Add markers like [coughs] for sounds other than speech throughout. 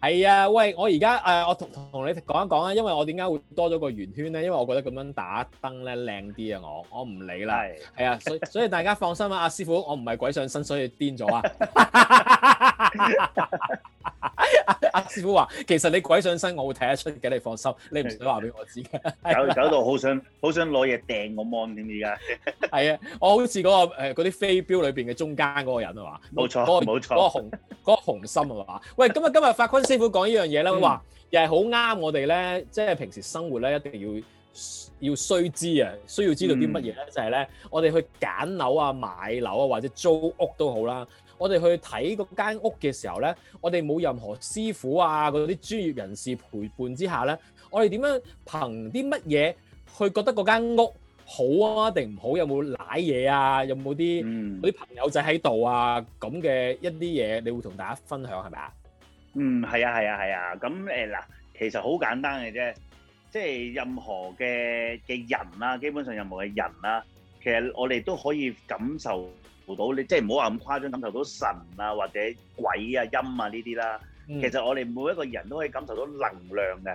係啊，喂！我而家誒，我同同你講一講啊，因為我點解會多咗個圓圈咧？因為我覺得咁樣打燈咧靚啲啊！我我唔理啦，係 [laughs] 啊，所以所以大家放心啊，阿、啊、師傅，我唔係鬼上身，所以癲咗啊！ [laughs] [laughs] 阿阿 [laughs] 師傅話：其實你鬼上身，我會睇得出嘅，你放心。你唔使話俾我知。搞搞到 [laughs] 好想好想攞嘢掟個 mon 點嘅。係 [laughs] 啊，我好似嗰、那個嗰啲飛鏢裏邊嘅中間嗰個人啊嘛。冇錯，冇、那個、錯。嗰個紅嗰、那個、心啊嘛。 [laughs] 喂，今日今日法坤師傅講、嗯、呢樣嘢啦。佢話又係好啱我哋咧，即係平時生活咧一定要要，要須知啊，需要知道啲乜嘢咧，嗯、就係咧，我哋去揀樓啊、買樓啊或者租屋都好啦。我哋去睇嗰間屋嘅時候咧，我哋冇任何師傅啊嗰啲專業人士陪伴之下咧，我哋點樣憑啲乜嘢去覺得嗰間屋好啊定唔好？有冇舐嘢啊？有冇啲嗰啲朋友仔喺度啊？咁嘅一啲嘢，你會同大家分享係咪啊？嗯，係啊，係啊，係啊。咁誒嗱，其實好簡單嘅啫，即係任何嘅嘅人啦，基本上任何嘅人啦，其實我哋都可以感受。到你即係唔好話咁誇張，感受到神啊或者鬼啊陰啊呢啲啦。嗯、其實我哋每一個人都可以感受到能量嘅，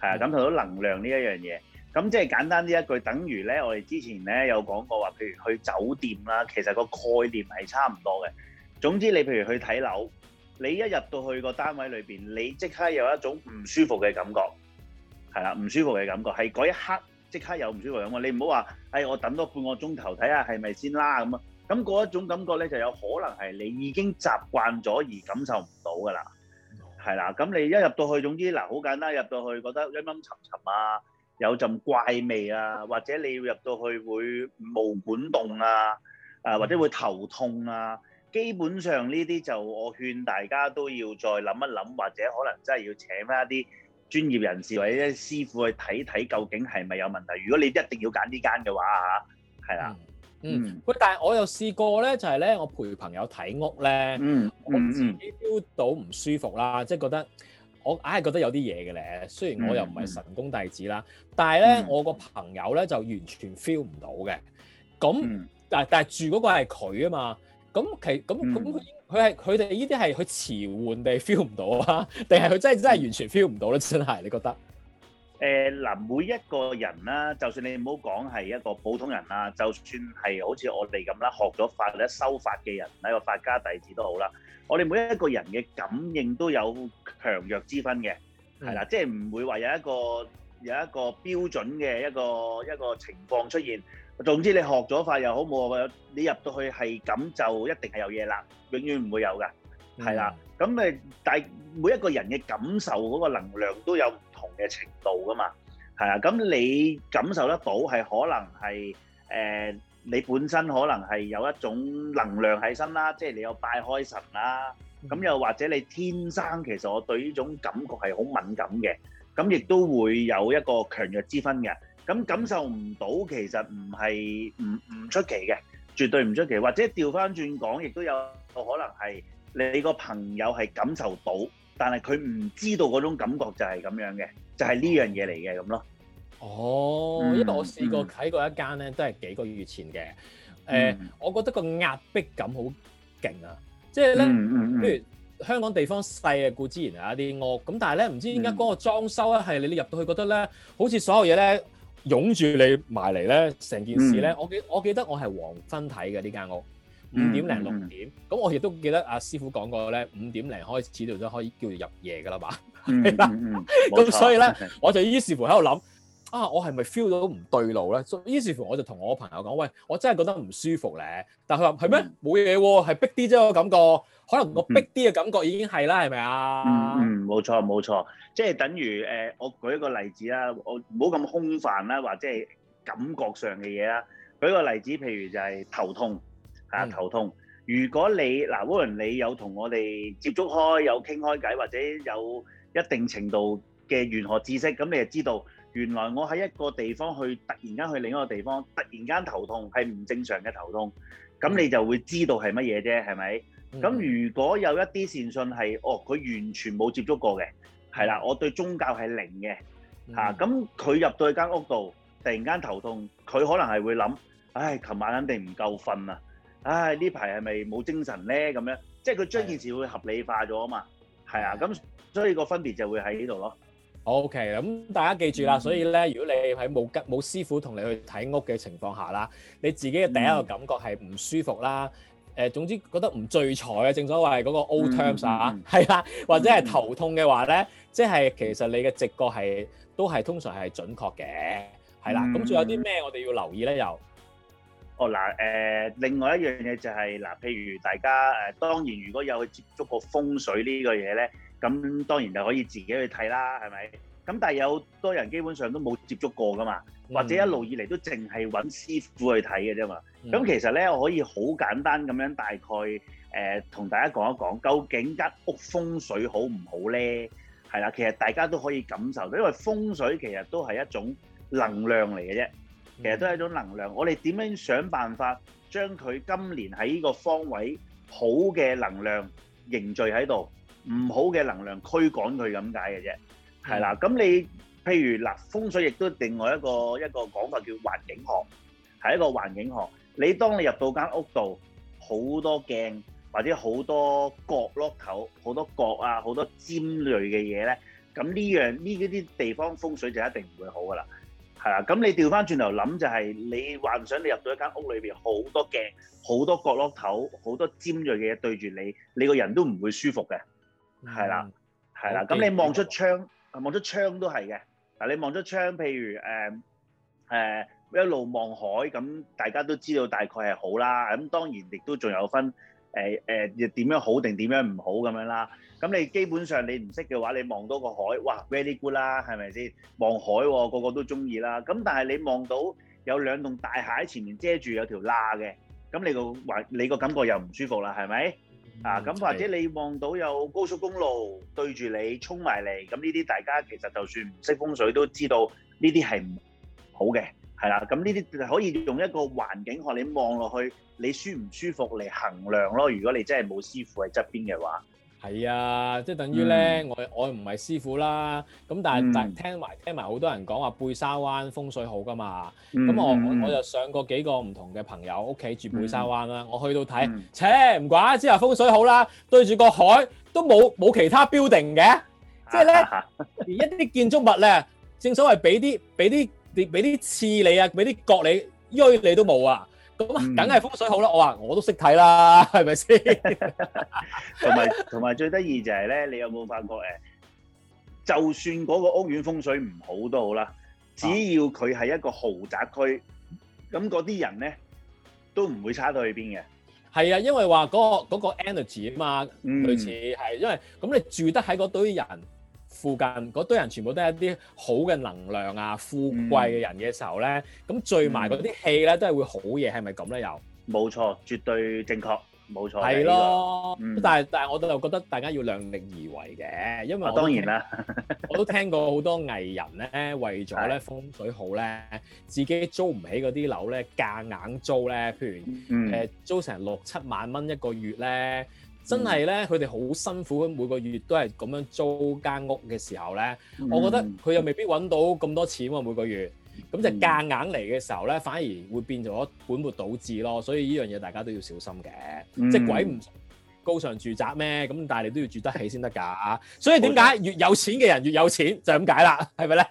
係啊，感受到能量呢一樣嘢。咁即係簡單啲一句，等於咧我哋之前咧有講過話，譬如去酒店啦，其實個概念係差唔多嘅。總之你譬如去睇樓，你一入到去個單位裏邊，你即刻有一種唔舒服嘅感覺，係啦，唔舒服嘅感覺，係嗰一刻即刻有唔舒服嘅感覺。你唔好話，哎，我等多半個鐘頭睇下係咪先啦咁啊。咁嗰一種感覺咧，就有可能係你已經習慣咗而感受唔到㗎啦，係啦。咁你一入到去，總之嗱，好、啊、簡單，入到去覺得陰陰沉沉啊，有陣怪味啊，或者你要入到去會毛管凍啊，誒、啊、或者會頭痛啊。基本上呢啲就我勸大家都要再諗一諗，或者可能真係要請返一啲專業人士或者師傅去睇睇，究竟係咪有問題。如果你一定要揀呢間嘅話嚇，係啦。嗯，喂，但係我又試過咧，就係、是、咧，我陪朋友睇屋咧，嗯嗯、我自己 feel 到唔舒服啦，嗯嗯、即係覺得我唉、哎、覺得有啲嘢嘅咧。雖然我又唔係神功弟子啦，但係咧我個朋友咧就完全 feel 唔到嘅。咁、嗯，但但係住嗰個係佢啊嘛。咁其咁咁佢佢係佢哋呢啲係佢遲緩地 feel 唔到啊？定係佢真係真係完全 feel 唔到咧？真係你覺得？誒嗱，每一個人啦，就算你唔好講係一個普通人啦，就算係好似我哋咁啦，學咗法或者修法嘅人，係一個法家弟子都好啦。我哋每一個人嘅感應都有強弱之分嘅，係啦，嗯、即係唔會話有一個有一個標準嘅一個一個情況出現。總之你學咗法又好，冇學你入到去係咁就一定係有嘢啦，永遠唔會有嘅，係啦。嗯咁你但係每一個人嘅感受嗰個能量都有唔同嘅程度噶嘛，係啊。咁你感受得到，係可能係誒、呃，你本身可能係有一種能量喺身啦，即係你有拜開神啦。咁又或者你天生其實我對呢種感覺係好敏感嘅，咁亦都會有一個強弱之分嘅。咁感受唔到，其實唔係唔唔出奇嘅，絕對唔出奇。或者調翻轉講，亦都有個可能係。你個朋友係感受到，但係佢唔知道嗰種感覺就係咁樣嘅，就係、是、呢樣嘢嚟嘅咁咯。哦，因為我試過睇過一間咧，嗯嗯、都係幾個月前嘅。誒、呃，嗯、我覺得個壓迫感好勁啊！即係咧，嗯嗯嗯、譬如香港地方細啊，故之然啊啲屋，咁但係咧，唔知點解嗰個裝修咧，係你入到去覺得咧，好似所有嘢咧湧住你埋嚟咧，成件事咧，我記、嗯、我記得我係黃昏睇嘅呢間屋。五點零六點，咁、嗯嗯、我亦都記得阿師傅講過咧，五點零開始度都可以叫做入夜噶啦嘛。咁、嗯嗯嗯、 [laughs] 所以咧，的我就於是乎喺度諗，啊，我係咪 feel 到唔對路咧？於是乎我就同我朋友講，喂，我真係覺得唔舒服咧。但係佢話係咩？冇嘢喎，係逼啲啫。我感覺可能個逼啲嘅感覺已經係啦，係咪啊？嗯，冇錯冇錯，即係等於誒、呃，我舉一個例子啦，我唔好咁空泛啦，或者係感覺上嘅嘢啦。舉個例子，譬如就係頭痛。啊，嗯、頭痛！如果你嗱，無論你有同我哋接觸開，有傾開偈，或者有一定程度嘅玄學知識，咁你就知道原來我喺一個地方去，突然間去另一個地方，突然間頭痛係唔正常嘅頭痛，咁你就會知道係乜嘢啫，係咪？咁、嗯、如果有一啲善信係，哦，佢完全冇接觸過嘅，係啦、嗯，我對宗教係零嘅，嚇咁佢入到去間屋度，突然間頭痛，佢可能係會諗，唉，琴晚肯定唔夠瞓啊！唉，呢排係咪冇精神咧？咁樣，即係佢將件事會合理化咗啊嘛，係啊的，咁所以個分別就會喺呢度咯。OK，咁大家記住啦。嗯、所以咧，如果你喺冇冇師傅同你去睇屋嘅情況下啦，你自己嘅第一個感覺係唔舒服啦，誒、嗯，總之覺得唔聚財啊，正所謂嗰個 old terms 啊、嗯，係啦，或者係頭痛嘅話咧，即係、嗯、其實你嘅直覺係都係通常係準確嘅，係啦。咁仲、嗯、有啲咩我哋要留意咧？又？嗱，誒，另外一樣嘢就係、是、嗱，譬如大家誒，當然如果有接觸過風水呢個嘢咧，咁當然就可以自己去睇啦，係咪？咁但係有好多人基本上都冇接觸過噶嘛，嗯、或者一路以嚟都淨係揾師傅去睇嘅啫嘛。咁、嗯、其實咧，我可以好簡單咁樣大概誒，同、呃、大家講一講，究竟間屋風水好唔好咧？係啦，其實大家都可以感受，因為風水其實都係一種能量嚟嘅啫。其實都係一種能量，我哋點樣想辦法將佢今年喺呢個方位好嘅能量凝聚喺度，唔好嘅能量驅趕佢咁解嘅啫。係啦，咁你譬如嗱，風水亦都另外一個一個講法叫環境學，係一個環境學。你當你入到間屋度，好多鏡或者好多角落頭、好多角啊、好多尖鋭嘅嘢咧，咁呢樣呢啲地方風水就一定唔會好噶啦。係啦，咁你調翻轉頭諗就係，你幻想你入到一間屋裏面，好多鏡、好多角落頭、好多尖銳嘅嘢對住你，你個人都唔會舒服嘅。係啦，係啦，咁你望出窗，望 okay. 出窗都係嘅。嗱，你望出窗，譬如、呃呃、一路望海，咁大家都知道大概係好啦。咁當然亦都仲有分。誒誒，又點樣好定點樣唔好咁樣啦？咁你基本上你唔識嘅話，你望到個海，哇，very good 啦，係咪先？望海喎，個個都中意啦。咁但係你望到有兩棟大廈喺前面遮住有條罅嘅，咁你個或你個感覺又唔舒服啦，係咪？啊，咁或者你望到有高速公路對住你衝埋嚟，咁呢啲大家其實就算唔識風水都知道呢啲係唔好嘅。係啦，咁呢啲就可以用一個環境，學你望落去，你舒唔舒服嚟衡量咯。如果你真係冇師傅喺側邊嘅話，係啊，即等於咧、嗯，我我唔係師傅啦。咁但係、嗯、但係聽埋聽埋好多人講話，貝沙灣風水好噶嘛。咁、嗯、我我就上過幾個唔同嘅朋友屋企住貝沙灣啦。嗯、我去到睇，切唔、嗯、怪，之後風水好啦，對住個海都冇冇其他 building 嘅，即係咧， [laughs] 而一啲建築物咧，正所謂俾啲俾啲。跌俾啲刺你啊，俾啲割你，喐你都冇啊！咁啊，梗係風水好啦，嗯、我話我都識睇啦，係咪先？同埋同埋最得意就係咧，你有冇發覺誒？就算嗰個屋苑風水唔好都好啦，只要佢係一個豪宅區，咁嗰啲人咧都唔會差到去邊嘅。係啊，因為話嗰、嗰個嗰個 energy 啊嘛，嗯、類似係，因為咁你住得喺嗰堆人，附近嗰堆人全部都係一啲好嘅能量啊，富貴嘅人嘅時候咧，咁、嗯、聚埋嗰啲氣咧都係會好嘢，係咪咁咧？又冇錯，絕對正確，冇錯。係咯，嗯、但係但係我就覺得大家要量力而為嘅，因為我、哦、當然啦， [laughs] 我都聽過好多藝人咧，為咗咧風水好咧，自己租唔起嗰啲樓咧，夾硬租咧，譬如誒、嗯、租成六七萬蚊一個月咧。真係咧，佢哋好辛苦，每個月都係咁樣租間屋嘅時候咧，我覺得佢又未必揾到咁多錢喎、啊。每個月咁就夾硬嚟嘅時候咧，反而會變咗本末倒置咯。所以呢樣嘢大家都要小心嘅。嗯、即係鬼唔高尚住宅咩？咁但係你都要住得起先得㗎。所以點解越有錢嘅人越有錢就咁解啦？係咪咧？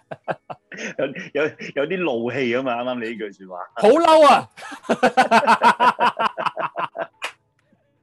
有有有啲怒氣啊嘛！啱啱你呢句說話，好嬲啊！ [laughs]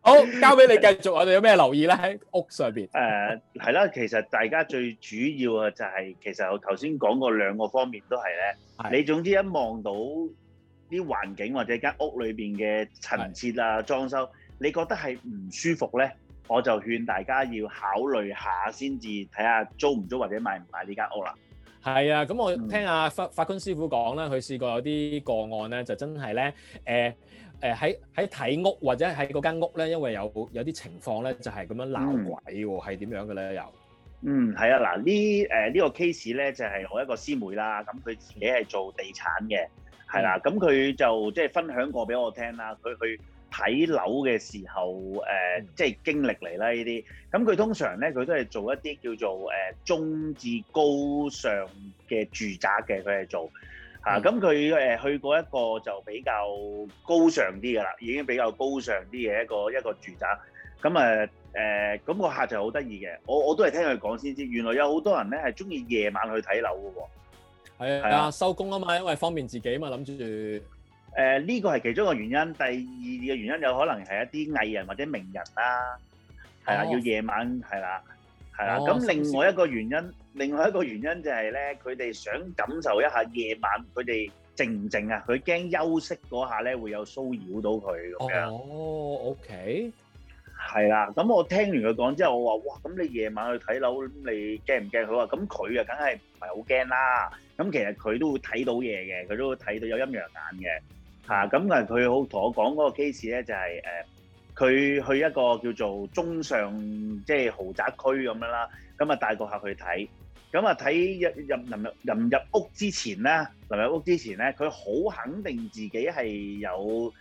好，交俾你繼續。我哋有咩留意咧？喺屋上邊、呃？誒，係啦。其實大家最主要啊、就係，就係其實我頭先講過兩個方面都係咧。是的 你總之一望到啲環境或者間屋裏邊嘅陳設啊、裝修，你覺得係唔舒服咧？我就勸大家要考慮下先至，睇下租唔租或者買唔買呢間屋啦、啊。係啊，咁我聽阿法法坤師傅講啦，佢試過有啲個案咧，就真係咧，誒、呃。誒喺喺睇屋或者喺嗰間屋咧，因為有有啲情況咧，就係咁樣鬧鬼喎，係點樣嘅咧？又嗯，係、嗯、啊，嗱呢誒呢個 case 咧，就係我一個師妹啦，咁佢自己係做地產嘅，係啦、啊，咁佢、嗯、就即係、就是、分享過俾我聽啦，佢去睇樓嘅時候，誒即係經歷嚟啦呢啲。咁佢通常咧，佢都係做一啲叫做誒中至高尚嘅住宅嘅，佢係做。吓，咁佢誒去過一個就比較高尚啲嘅啦，已經比較高尚啲嘅一個一個住宅。咁誒誒，咁個客就好得意嘅，我我都係聽佢講先知。原來有好多人咧係中意夜晚去睇樓嘅喎。係啊，係啊，收工啊嘛，因為方便自己啊嘛，諗住住。誒呢個係其中一個原因，第二個原因有可能係一啲藝人或者名人啦，係啊，啊要夜晚係啦。係啦，咁另外一個原因，另外一個原因就係咧，佢哋想感受一下夜晚佢哋靜唔靜啊？佢驚休息嗰下咧會有騷擾到佢咁樣。哦，OK，係啦。咁我聽完佢講之後，我話：哇，咁你夜晚去睇樓，你驚唔驚？佢話：咁佢啊，梗係唔係好驚啦？咁其實佢都會睇到嘢嘅，佢都會睇到有陰陽眼嘅嚇。咁但係，佢好同我講嗰個 case 咧，就係，誒，呃佢去一個叫做中上即係豪宅區咁樣啦，咁啊帶個客去睇，咁啊睇入入臨入入屋之前咧，臨入屋之前咧，佢好肯定自己係有誒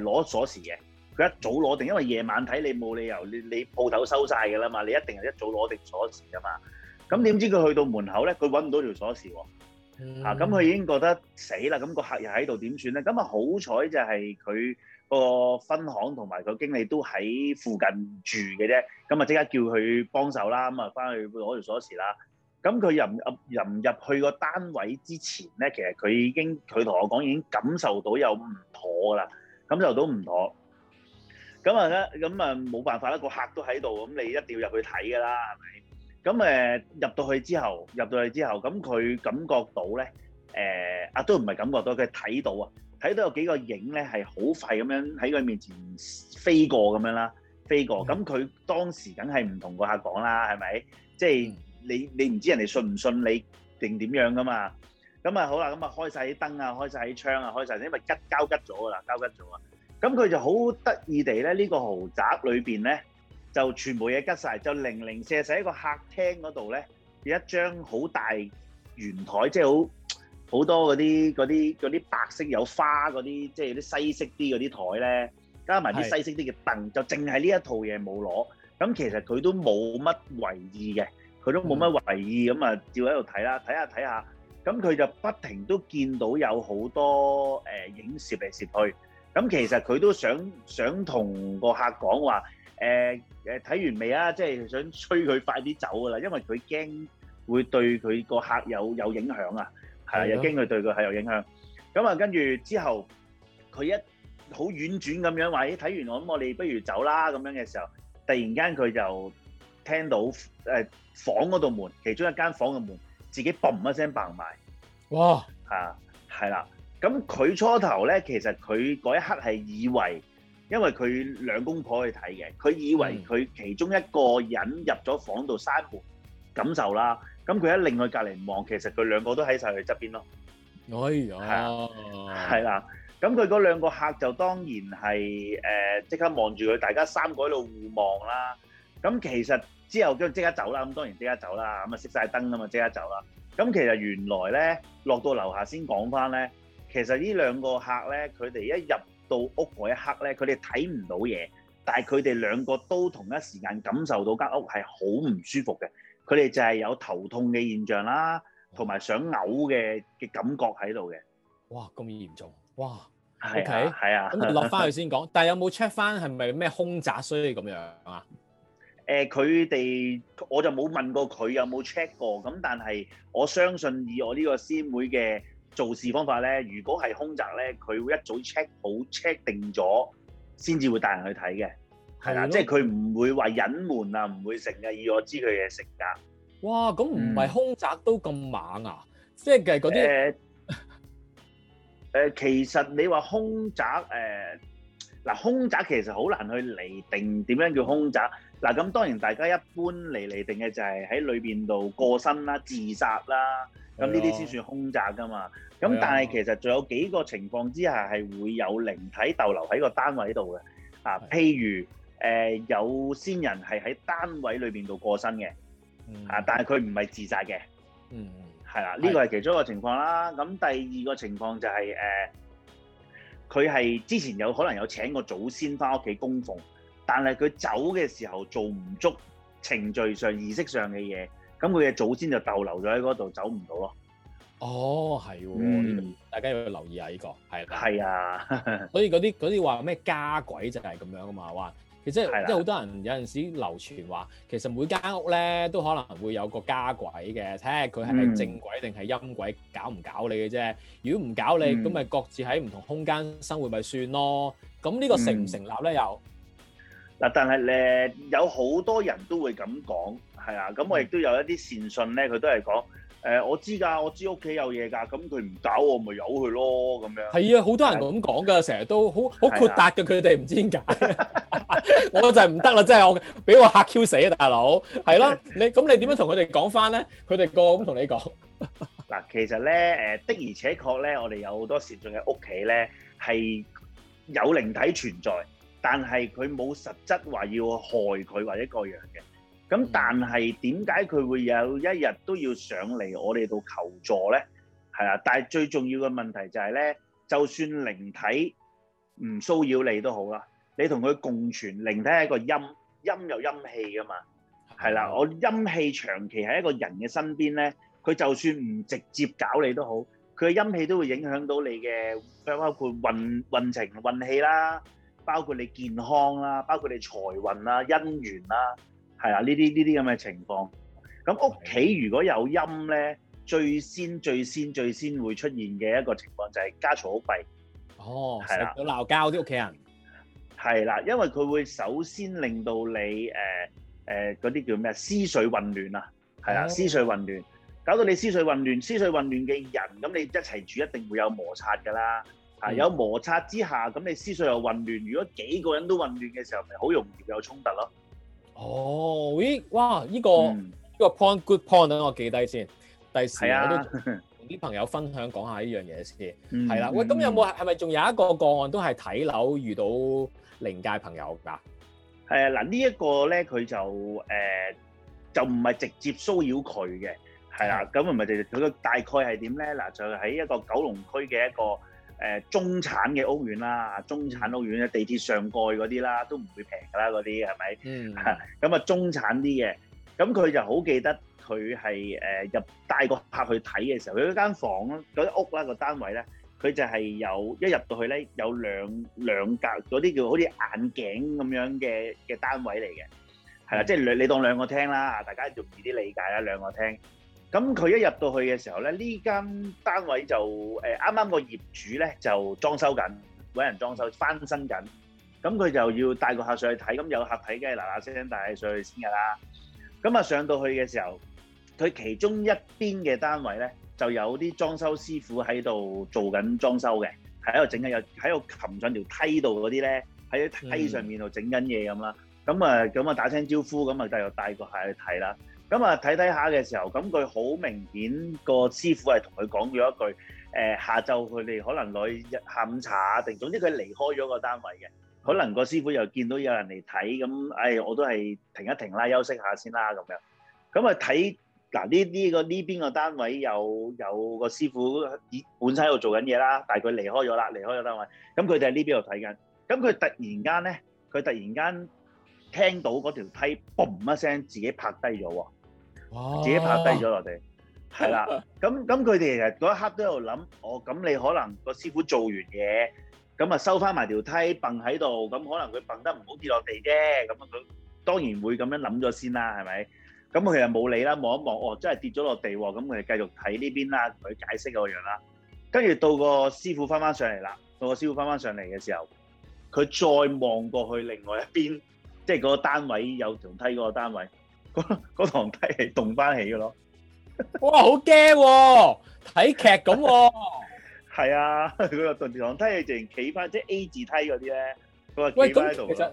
攞、呃、鎖匙嘅，佢一早攞定，因為夜晚睇你冇理由，你你店鋪頭收晒㗎啦嘛，你一定係一早攞定鎖匙㗎嘛。咁點知佢去到門口咧，佢揾唔到條鎖匙喎、啊，嚇、嗯！咁佢、啊、已經覺得死啦，咁、那個客又喺度點算咧？咁啊好彩就係佢。個分行同埋個經理都喺附近住嘅啫，咁啊即刻叫佢幫手啦，咁啊翻去攞住鎖匙啦。咁佢入入入去個單位之前咧，其實佢已經佢同我講已經感受到有唔妥噶啦，感受到唔妥。咁啊咧，咁啊冇辦法啦，個客都喺度，咁你一定要入去睇噶啦，係咪？咁誒入到去之後，入到去之後，咁佢感覺到咧，誒啊都唔係感覺到，佢睇到啊。睇到有幾個影咧，係好快咁樣喺佢面前飛過咁樣啦，飛過。咁佢當時梗係唔同個客講啦，係咪？即係你你唔知人哋信唔信你定點樣噶嘛？咁啊好啦，咁啊開曬啲燈啊，開曬啲窗啊，開曬，因為吉交吉咗噶啦，交吉咗啊。咁佢就好得意地咧，呢個豪宅裏邊咧就全部嘢吉曬，就零零舍舍喺個客廳嗰度咧，有一張好大圓台，即係好。好多嗰啲嗰啲嗰啲白色有花嗰啲，即係啲西式啲嗰啲枱咧，加埋啲西式啲嘅凳，就淨係呢一套嘢冇攞。咁其實佢都冇乜為意嘅，佢都冇乜為意，咁啊照喺度睇啦，睇下睇下。咁佢就不停都見到有好多誒影攝嚟攝去。咁其實佢都想想同個客講話，誒誒睇完未啊？即係想催佢快啲走噶啦，因為佢驚會對佢個客有有影響啊。係啊，又驚佢對佢係有影響。咁啊的，跟住之後，佢一好婉轉咁樣話，咦，睇、哎、完我咁，我哋不如走啦。咁樣嘅時候，突然間佢就聽到誒、呃、房嗰度門，其中一間房嘅門自己嘭一聲嘭埋。哇！嚇係啦。咁佢、啊、初頭咧，其實佢嗰一刻係以為，因為佢兩公婆去睇嘅，佢以為佢其中一個人入咗房度閂門，感受啦。嗯嗯咁佢一令佢隔離望，其實佢兩個都喺晒佢側邊咯。哦、哎呀，係啦。咁佢嗰兩個客就當然係誒，即、呃、刻望住佢，大家三個喺度互望啦。咁其實之後即刻走啦。咁當然即刻走啦。咁啊熄晒燈吖嘛，即刻走啦。咁其實原來咧，落到樓下先講翻咧，其實呢兩個客咧，佢哋一入到屋嗰一刻咧，佢哋睇唔到嘢，但係佢哋兩個都同一時間感受到間屋係好唔舒服嘅。佢哋就係有頭痛嘅現象啦，同埋想嘔嘅嘅感覺喺度嘅。哇，咁嚴重！哇，O K，係啊。咁落翻去先講， [laughs] 但係有冇 check 翻係咪咩凶宅衰咁樣啊？誒、呃，佢哋我就冇問過佢有冇 check 過。咁但係我相信以我呢個師妹嘅做事方法咧，如果係凶宅咧，佢會一早 check 好 check 定咗，先至會帶人去睇嘅。係啦，即係佢唔會話隱瞞啊，唔會成日，以我知佢嘅性格哇，咁唔係凶宅都咁猛啊？嗯、即係嗰啲誒，誒、呃，其實你話凶宅誒，嗱、呃，凶宅其實好難去釐定點樣叫凶宅。嗱，咁當然大家一般嚟釐定嘅就係喺裏邊度過身啦、嗯、自殺啦，咁呢啲先算凶宅噶嘛。咁但係其實仲有幾個情況之下係會有靈體逗留喺個單位度嘅啊，譬如。誒有先人係喺單位裏邊度過身嘅，啊、嗯！但係佢唔係自殺嘅，嗯，係啦的。呢個係其中一個情況啦。咁第二個情況就係、係、誒，佢、呃、係之前有可能有請個祖先翻屋企供奉，但係佢走嘅時候做唔足程序上儀式上嘅嘢，咁佢嘅祖先就逗留咗喺嗰度，走唔到咯。哦，係喎，嗯、大家要留意下呢、呢個，係啦。啊是的， [laughs] 所以嗰啲嗰啲話咩家鬼就係咁樣啊嘛，話。其實係即係，好多人有陣時流傳話，其實每間屋咧都可能會有個家鬼嘅，睇下佢係正鬼定係陰鬼，搞唔搞你嘅啫。如果唔搞你，咁咪各自喺唔同空間生活，咪算咯。咁呢個成唔成立咧？又嗱，但係誒，有好多人都會咁講，係啊。咁我亦都有一啲善信咧，佢都係講。誒，我知㗎，我知屋企有嘢㗎，咁佢唔搞我，咪由佢咯咁樣。係啊，好多人咁講㗎，成日的都好好豁達嘅佢哋，唔的知點解。我就係唔得啦，即係我俾我嚇 Q 死啊，大佬。係咯，你咁你點樣同佢哋講翻咧？佢哋個咁同你講嗱， [laughs] 其實咧誒的而且確咧，我哋有好多時喺屋企咧係有靈體存在，但係佢冇實質話要害佢或者個樣嘅。咁但係點解佢會有一日都要上嚟我哋度求助咧？係啊，但係最重要嘅問題就係咧，就算靈體唔騷擾你都好啦，你同佢共存，靈體係一個陰，陰有陰氣㗎嘛，係啦，我陰氣長期喺一個人嘅身邊咧，佢就算唔直接搞你都好，佢嘅陰氣都會影響到你嘅，包括運運程、運氣啦，包括你健康啦，包括你財運啦、姻緣啦。係啊，呢啲呢啲咁嘅情況。咁屋企如果有陰咧的，最先最先最先會出現嘅一個情況就係家嘈屋閉。哦，係啦的，鬧交啲屋企人。係啦，因為佢會首先令到你誒誒嗰啲叫咩思緒混亂啊，係啊，思緒、哦、混亂，搞到你思緒混亂，思緒混亂嘅人，咁你一齊住一定會有摩擦噶啦。係的有摩擦之下，咁你思緒又混亂，如果幾個人都混亂嘅時候，咪好容易有衝突咯。哦，咦，哇，呢、這個呢、嗯、個 point good point，等我記低先，第時我都同啲朋友分享講下呢樣嘢先。係啦，喂，咁有冇係咪仲有一個個案都係睇樓遇到靈界朋友㗎？誒嗱、啊，這個、呢一個咧，佢就誒、呃、就唔係直接騷擾佢嘅，係啦、啊，咁係咪就佢大概係點咧？嗱、呃，就喺一個九龍區嘅一個。誒中產嘅屋苑啦，中產屋苑咧，地鐵上蓋嗰啲啦，都唔會平噶啦，嗰啲係咪？咁啊，mm hmm. [laughs] 中產啲嘅，咁佢就好記得佢係誒入帶個客去睇嘅時候，佢嗰間房嗰啲屋啦、個單位咧，佢就係有一入到去咧，有兩兩格嗰啲叫好似眼鏡咁樣嘅嘅單位嚟嘅，係啦、mm，即係兩你當兩個廳啦，大家容易啲理解啦，兩個廳。咁佢一入到去嘅時候咧，呢間單位就誒啱啱個業主咧就裝修緊，揾人裝修翻新緊。咁佢就要帶個客上去睇，咁有客睇梗係嗱嗱聲帶佢上去先㗎啦。咁啊上到去嘅時候，佢其中一邊嘅單位咧就有啲裝修師傅喺度做緊裝修嘅，係喺度整緊有喺度擒上條梯度嗰啲咧，喺梯上面度整緊嘢咁啦。咁啊咁啊打聲招呼，咁啊繼續帶個客去睇啦。咁啊，睇睇下嘅時候，咁佢好明顯個師傅係同佢講咗一句，誒、呃、下晝佢哋可能來下午茶定總之佢離開咗個單位嘅。可能個師傅又見到有人嚟睇，咁誒、哎、我都係停一停啦，休息一下先啦咁樣。咁啊睇嗱呢，呢個呢邊個單位有，有個師傅已本身喺度做緊嘢啦，但係佢離開咗啦，離開咗單位。咁佢哋喺呢邊度睇緊，咁佢突然間咧，佢突然間聽到嗰條梯嘣一聲，自己拍低咗喎。自己拍低咗落地，係啦，咁咁佢哋其實嗰一刻都喺度諗，哦，咁你可能個師傅做完嘢，咁啊收翻埋條梯，揼喺度，咁可能佢揼得唔好跌落地啫，咁啊佢當然會咁樣諗咗先啦，係咪？咁佢其實冇理啦，望一望，哦，真係跌咗落地喎，咁佢繼續睇呢邊啦，同佢解釋個樣啦。跟住到個師傅翻翻上嚟啦，到個師傅翻翻上嚟嘅時候，佢再望過去另外一邊，即係嗰個單位有條梯嗰個單位。嗰堂梯係動翻起嘅咯， [laughs] 哇，好驚，睇劇咁。係啊，佢、啊 [laughs] 啊嗰個棟堂梯仲企翻，即係 A 字梯嗰啲咧，佢話企翻喺度啊。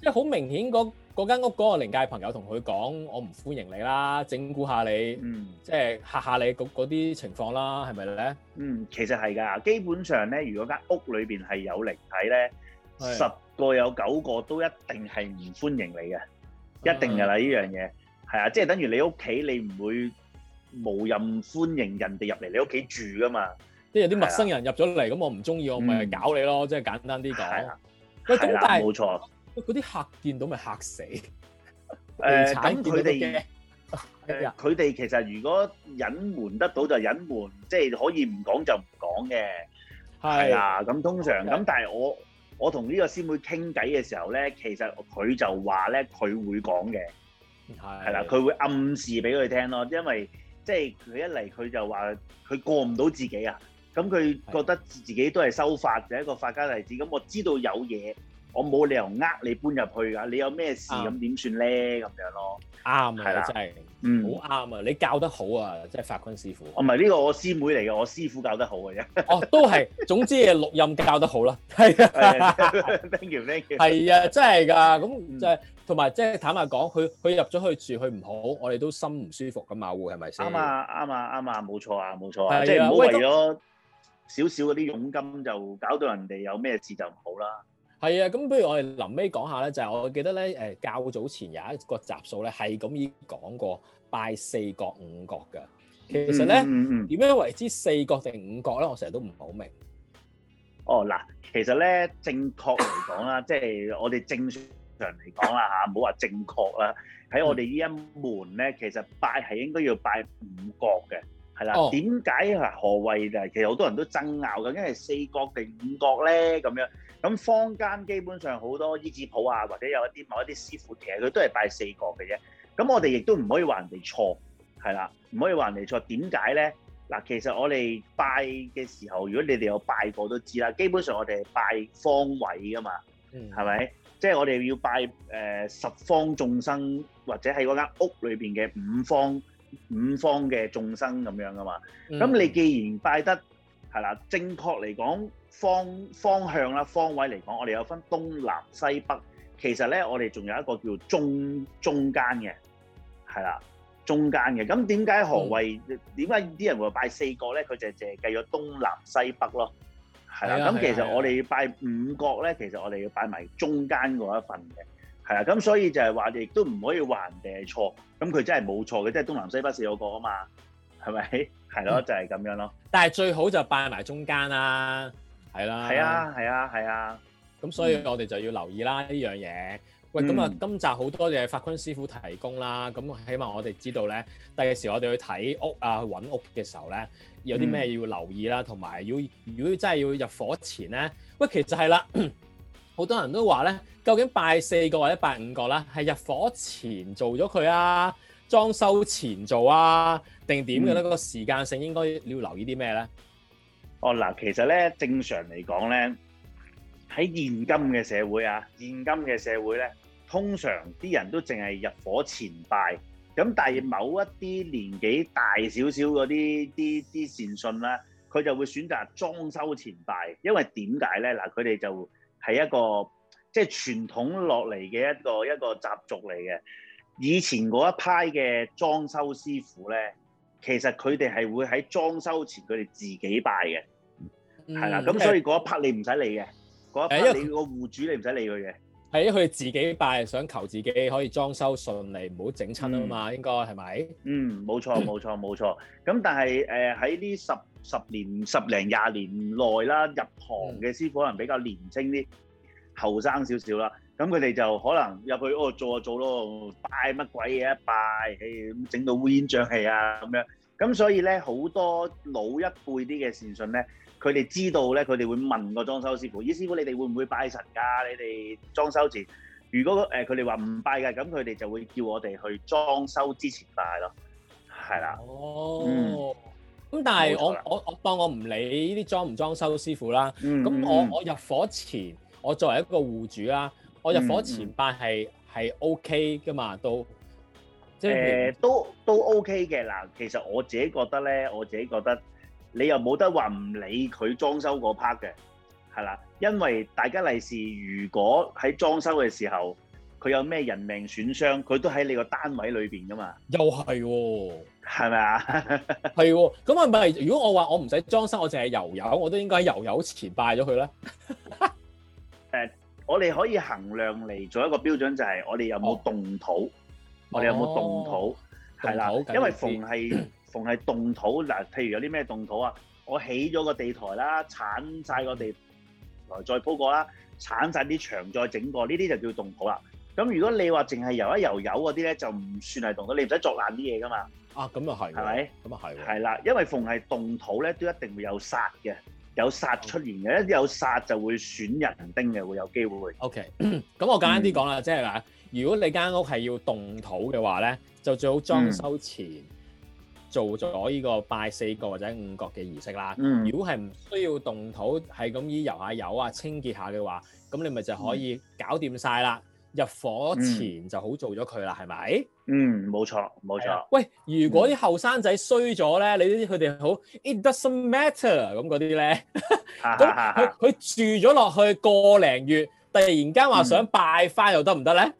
即係好明顯，嗰嗰間屋嗰個靈界朋友同佢講：我唔歡迎你啦，整蠱下你，嗯，即係嚇下你嗰啲情況啦，係咪咧？嗯，其實係噶，基本上咧，如果間屋裏邊係有靈體咧，的十個有九個都一定係唔歡迎你嘅。一定噶啦，呢樣嘢係啊，即係、就是、等於你屋企，你唔會無任歡迎人哋入嚟你屋企住噶嘛。即係有啲陌生人入咗嚟，咁的我唔中意，我咪搞你咯，即係、嗯、簡單啲講。係啊的，咁但係冇錯，嗰啲客見到咪嚇死？誒、呃，咁佢哋佢哋其實如果隱瞞得到就隱瞞，即、就、係、是、可以唔講就唔講嘅。係啊的，咁通常咁，是的但係我。我同呢個師妹傾偈嘅時候咧，其實佢就話咧，佢會講嘅，係啦的，佢會暗示俾佢聽咯，因為即係佢一嚟佢就話佢過唔到自己啊，咁佢覺得自己都係修法者的的一個法家例子，咁我知道有嘢，我冇理由呃你搬入去㗎，你有咩事咁點算咧咁樣咯，啱係啦，的真係。嗯，好啱啊！你教得好啊，即係法坤師傅。哦，唔係呢個我師妹嚟嘅，我師傅教得好嘅啫。 [laughs] 哦，都係，總之錄音教得好啦。係啊 [laughs] [laughs] ，thank you，thank you thank。係啊，真係㗎，咁即係同埋即係坦白講，佢佢入咗去住，佢唔好，我哋都心唔舒服㗎嘛。會係咪先？啱啊，啱啊，啱啊，冇錯啊，冇錯啊，即係唔好為咗少少嗰啲傭金就搞到人哋有咩事就唔好啦。係啊，咁不如我哋臨尾講下咧，就係、是、我記得咧，誒較早前有一個集數咧係咁已經講過拜四角五角嘅，其實咧點、嗯嗯、樣為之四角定五角咧，我成日都唔好明。哦嗱，其實咧正確嚟講啦，即係 [coughs] 我哋正常嚟講啦吓，唔好話正確啦，喺我哋呢一門咧，其實拜係應該要拜五角嘅，係啦。點解、哦、何謂其實好多人都爭拗嘅，因為是四角定五角咧咁樣。咁坊間基本上好多衣紙舖啊，或者有一啲某一啲師傅，其實佢都係拜四角嘅啫。咁我哋亦都唔可以話人哋錯，係啦，唔可以話人哋錯。點解咧？嗱，其實我哋拜嘅時候，如果你哋有拜過都知啦。基本上我哋係拜方位噶嘛，係咪、嗯？即、就、係、是、我哋要拜誒、呃、十方眾生，或者喺嗰間屋裏邊嘅五方五方嘅眾生咁樣啊嘛。咁你既然拜得，係啦，正確嚟講方方向啦，方位嚟講，我哋有分東南西北。其實咧，我哋仲有一個叫中中間嘅，係啦，中間嘅。咁點解何謂？點解啲人會拜四角咧？佢就淨係計咗東南西北咯。係啦，咁的的其實我哋拜五角咧的，其實我哋要拜埋中間嗰一份嘅。係啊，咁所以就係話，亦都唔可以話人哋係錯。咁佢真係冇錯嘅，即係東南西北四個啊嘛，係咪？係咯，就係、是、咁樣咯、嗯。但係最好就拜埋中間啦，係啦。係啊，係啊，係啊。咁所以我哋就要留意啦呢樣嘢。喂，咁啊今集好多謝法坤師傅提供啦，咁起碼我哋知道咧，第時我哋去睇屋啊、去揾屋嘅時候咧，有啲咩要留意啦，同埋、嗯、要如果真係要入伙前咧，喂，其實係啦，好多人都話咧，究竟拜四個或者拜五個啦，係入伙前做咗佢啊。裝修前做啊，定點樣嘅咧？個時間性應該你要留意啲咩咧？哦，嗱，其實咧，正常嚟講咧，喺現今嘅社會啊，現今嘅社會咧，通常啲人都淨係入伙前拜。咁但係某一啲年紀大少少嗰啲啲啲善信咧，佢就會選擇裝修前拜，因為點解咧？嗱，佢哋就係一個即係、即係、傳統落嚟嘅一個一個習俗嚟嘅。以前嗰一派嘅裝修師傅咧，其實佢哋係會喺裝修前佢哋自己拜嘅，係啦、嗯。咁所以嗰一 part 你唔使理嘅，嗰一 part 你個戶主你唔使理佢嘅。係因為佢哋自己拜，想求自己可以裝修順利，唔好整親啊嘛，嗯、應該係咪？嗯，冇錯冇錯冇錯。咁、嗯、但係誒喺呢十十年十零廿年內啦，入行嘅師傅可能比較年青啲，後生少少啦。咁佢哋就可能入去度做就做咯，拜乜鬼嘢、啊、一拜，誒咁整到烏煙瘴氣啊咁樣。咁所以咧好多老一輩啲嘅善信咧，佢哋知道咧，佢哋會問個裝修師傅，咦、哎、師傅你哋會唔會拜神㗎？你哋裝修前。如果佢哋話唔拜㗎，咁佢哋就會叫我哋去裝修之前拜咯，係啦。哦、咁、嗯、但係我我我當我唔理呢啲裝唔裝修師傅啦，咁、嗯嗯嗯、我我入伙前，我作為一個戶主啦、啊。我入伙前拜係係 OK 噶嘛？即係呃、都誒都都 OK 嘅嗱。其實我自己覺得咧，我自己覺得你又冇得話唔理佢裝修嗰 part 嘅係啦，因為大家利是，如果喺裝修嘅時候佢有咩人命損傷，佢都喺你個單位裏邊噶嘛。又係喎、哦，係咪啊？係 [laughs] 喎。咁啊、係，咪如果我話我唔使裝修，我淨係油油，我都應該喺油油前拜咗佢咧。誒、 [laughs] 呃。我哋可以衡量嚟做一個標準，就係、是、我哋有冇動土，我哋有冇動土，係啦，因為凡係凡係動土嗱，譬如有啲咩動土啊？我起咗個地台啦，鏟晒個地台再鋪過啦，鏟晒啲牆再整過，呢啲就叫動土啦。咁如果你話淨係油一油油嗰啲咧，就唔算係動土，你唔使作爛啲嘢㗎嘛。啊，咁啊係，係咪的？咁啊係。係啦，因為凡係動土咧，都一定會有煞嘅。有煞出現嘅，一有煞就會損人丁嘅，會有機會。OK，咁我簡單啲講啦，嗯、即係話，如果你間屋係要動土嘅話咧，就最好裝修前做咗呢個拜四角或者五角嘅儀式啦。嗯、如果係唔需要動土，係咁以油下油啊，清潔下嘅話，咁你咪就可以搞掂晒啦。嗯入伙前就好做咗佢啦，係咪？嗯，冇錯冇錯。錯啊、喂，如果啲後生仔衰咗咧，嗯、你知唔知佢哋好 It doesn't matter 咁嗰啲咧？咁佢佢住咗落去個零月，突然間話想拜翻、嗯、又得唔得咧？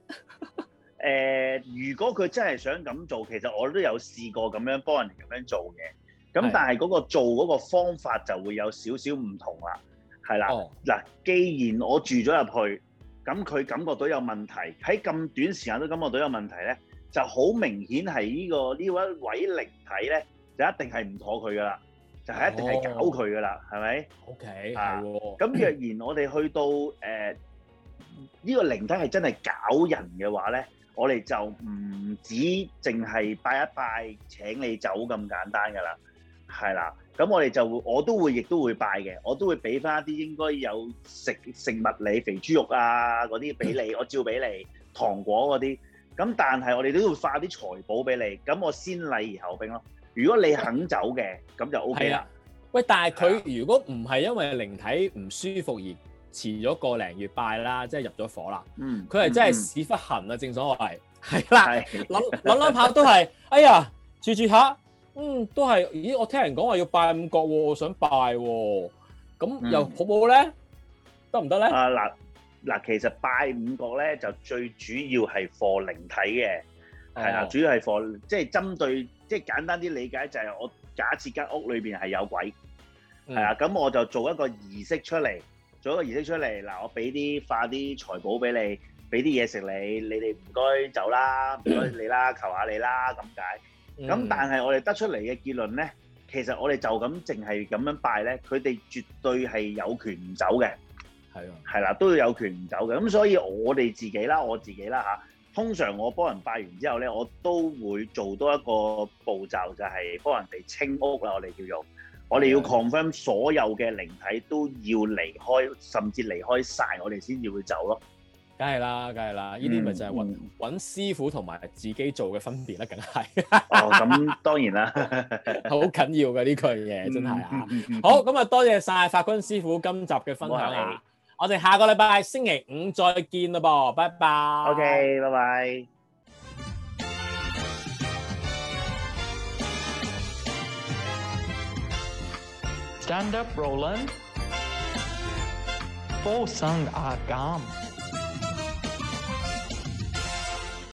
誒，如果佢真係想咁做，其實我都有試過咁樣幫人咁樣做嘅，咁但係嗰個做嗰個方法就會有少少唔同啦。係啦、啊，嗱、哦啊，既然我住咗入去。咁佢感覺到有問題，喺咁短時間都感覺到有問題咧，就好明顯係呢、這個呢一位靈體咧，就一定係唔妥佢噶啦，就係、是、一定係搞佢噶啦，係咪、哦、吧？OK，係喎。咁若然我哋去到誒呢、呃這個靈體係真係搞人嘅話咧，我哋就唔止淨係拜一拜請你走咁簡單噶啦，係啦。咁我哋就會我都會亦都會拜嘅，我都會俾翻啲應該有食食物你肥豬肉啊嗰啲俾你，我照俾你糖果嗰啲。咁但係我哋都要化啲財寶俾你，咁我先禮而後兵咯。如果你肯走嘅，咁就 O K 啦。喂，但係佢如果唔係因為靈體唔舒服而遲咗個零月拜啦，即係入咗火啦。嗯，佢係真係屎忽痕、嗯、啊！正所謂係啦，諗諗下都係，哎呀，住住下。嗯，都係，咦？我聽人講話要拜五角喎，我想拜喎，咁又好唔好咧？得唔得咧？行行呢啊，嗱嗱，其實拜五角咧就最主要係放靈體嘅，哦啊，主要係放，即係針對，即係簡單啲理解就係我假設間屋裏面係有鬼，係、嗯、啊，咁我就做一個儀式出嚟，做一個儀式出嚟，嗱、啊，我俾啲化啲財寶俾你，俾啲嘢食你，你哋唔該走啦，唔該你啦，求下你啦，咁解。咁、嗯、但係我哋得出嚟嘅結論咧，其實我哋就咁淨係咁樣拜咧，佢哋絕對係有權唔走嘅，係咯的，係啦，都要有權唔走嘅。咁所以我哋自己啦，我自己啦嚇，通常我幫人拜完之後咧，我都會做多一個步驟，就係、是、幫人哋清屋啦。我哋叫做，我哋要 confirm 所有嘅靈體都要離開，甚至離開晒我哋先至會走咯。梗係啦，梗係啦，呢啲咪就係揾揾師傅同埋自己做嘅分別啦，梗係。哦，咁當然啦，好緊 [laughs] 要嘅呢句嘢，真係。好，咁啊，多謝晒法坤師傅今集嘅分享啊！我哋下個禮拜星期五再見啦噃，拜拜。OK，拜拜。Stand up, Roland。For s o n e a g o n